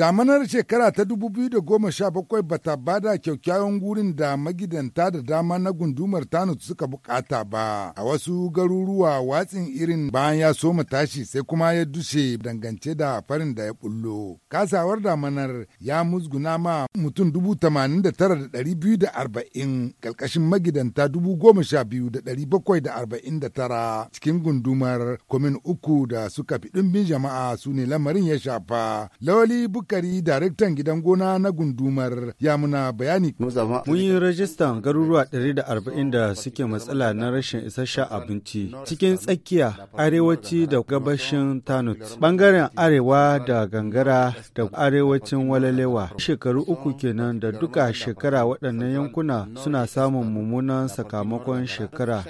Damanar shekara ta 2017 ba ta bada kyaukyawan gurin da magidanta da dama na gundumar Tanut suka bukata ba. A wasu garuruwa watsin irin bayan ya soma tashi sai kuma ya dushe dangance da farin da ya bullo. Kasawar damanar ya musguna ma mutum 89,240 kalkashin magidanta 12,749 cikin gundumar komin uku da suka fi ɗimbin jama'a su ne lamarin ya shafa. Lawali hankali daraktan gidan gona na gundumar ya muna bayani. Mun yi rajistan garuruwa 140 da suke matsala na rashin isasshen abinci cikin tsakiya arewaci da gabashin Tanut. Bangaren arewa da gangara da arewacin Walalewa. Shekaru uku kenan da duka shekara waɗannan yankuna suna samun mummunan sakamakon shekara.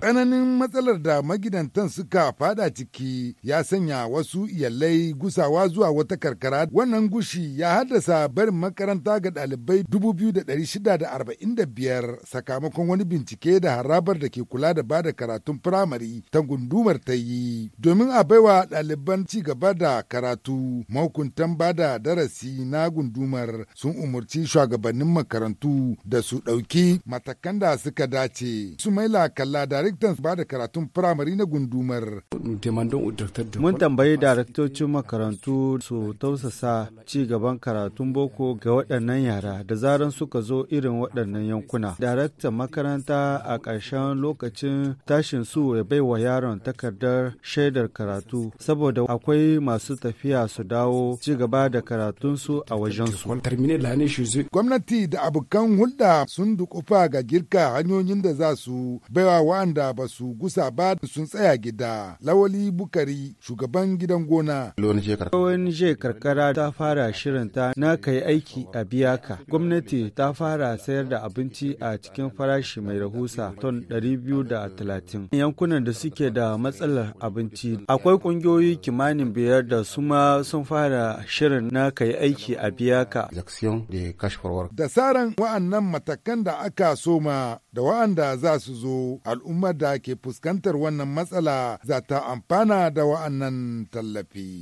Tsananin matsalar da magidantan suka fada ciki ya sanya wasu iyalai gusawa zuwa wata karkara wannan gushi ya haddasa barin makaranta ga ɗalibai 2,645 sakamakon wani bincike da harabar da ke kula da bada karatun firamare ta gundumar ta yi domin a baiwa ɗaliban ci gaba da karatu mahukuntan bada darasi na gundumar sun umarci shugabannin makarantu da su ɗauki matakan da suka dace su maila kalla daraktan bada karatun firamare na gundumar mun tambayi daraktocin makarantu su su tausasa ci gaban karatun boko ga waɗannan yara da zaran suka zo irin waɗannan yankuna. Daraktan makaranta a ƙarshen lokacin tashin su ya bai wa yaron takardar shaidar karatu saboda akwai masu tafiya su dawo ci gaba da karatunsu a wajensu. Gwamnati da abokan hulɗa sun dukufa ga girka hanyoyin da za su baiwa wa'anda ba su gusa ba sun tsaya gida. Lawali Bukari, shugaban gidan gona. je ce karkara ta fara shirinta na kai aiki a biyaka. Gwamnati ta fara sayar da abinci a cikin farashi mai rahusa ton 230. Yankunan da suke da matsalar abinci. Akwai kungiyoyi kimanin biyar da suma sun fara shirin na kai aiki a biyaka. Da tsarin wa'annan matakan da aka soma da wa'anda za su zo al'ummar da ke fuskantar wannan matsala za ta amfana da wa'annan tallafi.